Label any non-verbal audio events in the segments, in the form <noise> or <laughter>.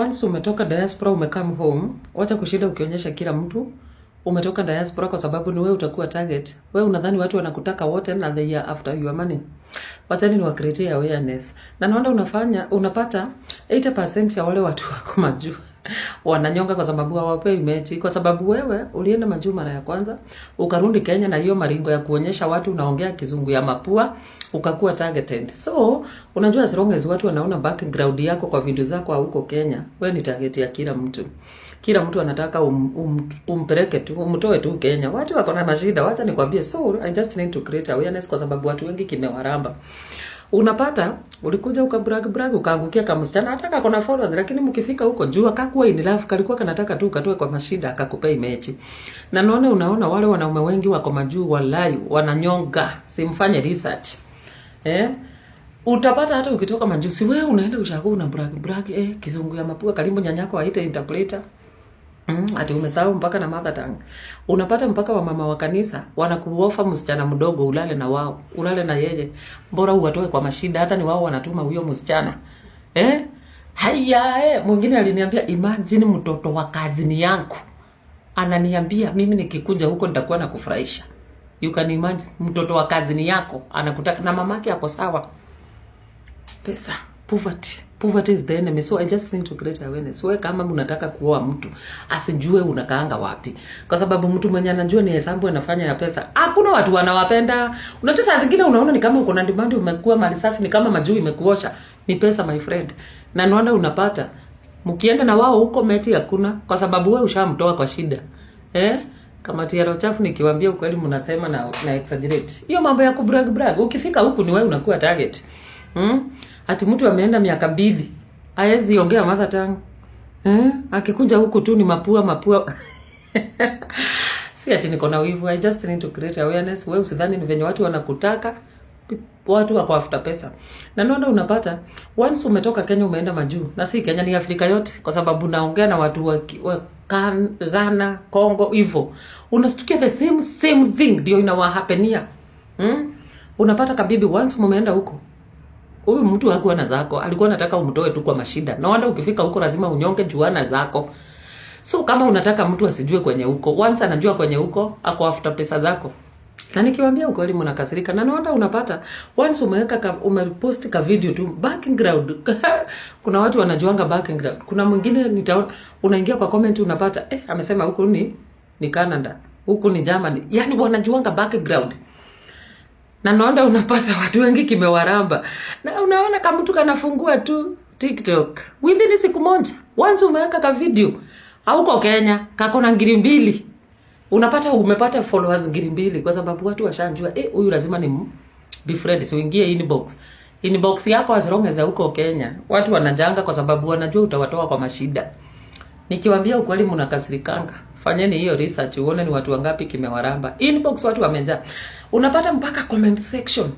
Once umetoka diaspora umecome home, wacha kushinda ukionyesha kila mtu umetoka diaspora kwa sababu ni wewe utakuwa target. Wewe unadhani watu wanakutaka wote na the year after your money. Wachani ni wacreate awareness. Na naona unafanya unapata 80% ya wale watu wako majuu wananyonga kwa sababu hawapewi mechi, kwa sababu wewe ulienda majuu mara ya kwanza ukarudi Kenya na hiyo maringo ya kuonyesha watu unaongea kizungu ya mapua, ukakuwa targeted. So unajua, as long as watu wanaona background yako kwa video zako huko Kenya, wewe ni target ya kila mtu. Kila mtu anataka um, um, umpeleke tu umtoe tu Kenya. Watu wako na mashida, wacha nikwambie. So I just need to create awareness, kwa sababu watu wengi kimewaramba unapata ulikuja ukabrag brag ukaangukia kama msichana hata na followers, lakini mkifika huko juu akakuwa in love, kalikuwa kanataka tu ukatoe kwa mashida, akakupei mechi. Na naona unaona wale wanaume wengi wako majuu, walai wananyonga, simfanye research eh Utapata hata ukitoka majusi, wewe unaenda ushakuwa una brag brag, eh, kizungu ya mapua, karibu nyanyako aite interpreter. Mm, ati umesahau mpaka na mother tongue. Unapata mpaka wamama wa kanisa wanakuofa msichana mdogo ulale na wao, ulale na yeye. Bora uwatoe kwa mashida hata ni wao wanatuma huyo msichana. Eh? Haya, eh, mwingine aliniambia imagine mtoto wa kazini yangu. Ananiambia mimi nikikunja huko nitakuwa na kufurahisha. You can imagine mtoto wa kazini yako anakutaka na mamake ako sawa. Pesa, poverty. Poverty is the enemy. So I just need to create awareness. Wewe kama unataka kuoa mtu, asijue unakaanga wapi. Kwa sababu mtu mwenye anajua ni hesabu anafanya ya pesa. Hakuna watu wanawapenda. Unajua saa zingine unaona ni kama uko na demand umekuwa mali safi ni kama majuu imekuosha. Ni pesa my friend. Na ndio unapata. Mkienda na wao huko meti hakuna kwa sababu wewe ushamtoa kwa shida. Eh? Kama tiaro chafu nikiwaambia ukweli mnasema na, na exaggerate. Hiyo mambo ya kubrag brag. Ukifika huku ni wewe unakuwa target. Hmm? Ati mtu ameenda miaka mbili hawezi ongea mother tongue. Eh? Hmm? Akikunja huku tu ni mapua mapua. <laughs> si ati niko na wivu. I just need to create awareness. Wewe usidhani ni venye watu wanakutaka watu wako after pesa. Na ndio unapata once umetoka Kenya umeenda majuu. Na si Kenya ni Afrika yote kwa sababu naongea na watu wa, wa kan, Ghana, Congo hivyo. Unastukia the same same thing ndio inawa Hmm? Unapata kabibi once mumeenda huko Huyu mtu hakuwa na zako, alikuwa anataka umtoe tu kwa mashida. Na wanda ukifika huko lazima unyonge juana zako. So kama unataka mtu asijue kwenye huko, once anajua kwenye huko, ako after pesa zako. Na nikiwaambia ukweli mnakasirika. Na naona unapata once umeweka ka, umepost ka video tu background. <laughs> Kuna watu wanajuanga background. Kuna mwingine nitaona unaingia kwa comment unapata eh, amesema huku ni ni Canada, huku ni Germany. Yaani wanajuanga background na naona unapata watu wengi kimewaramba, na unaona kama mtu kanafungua tu TikTok within siku moja, wanzi umeweka ka video auko Kenya kako na ngiri mbili, unapata umepata followers ngiri mbili, kwa sababu watu washanjua eh, huyu lazima ni befriend, so ingie inbox inbox yako as long as huko Kenya. Watu wanajanga kwa sababu wanajua utawatoa kwa mashida. Nikiwaambia ukweli, mnakasirikanga. Fanyeni hiyo research uone ni watu wangapi kimewaramba. Inbox watu wamejaa. Unapata mpaka comment section.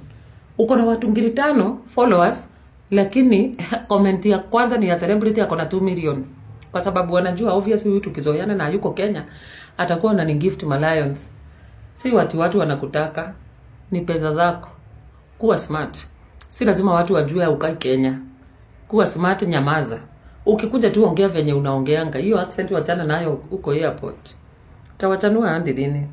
Uko na watu mbili tano followers lakini <laughs> comment ya kwanza ni ya celebrity ako na 2 million. Kwa sababu wanajua obviously huyu tukizoeana na yuko Kenya atakuwa na ni gift malions. Si watu watu wanakutaka ni pesa zako. Kuwa smart. Si lazima watu wajue ukai Kenya. Kuwa smart, nyamaza ukikuja tu ongea venye unaongeanga hiyo accent, wachana nayo huko airport, tawachanua hadi lini?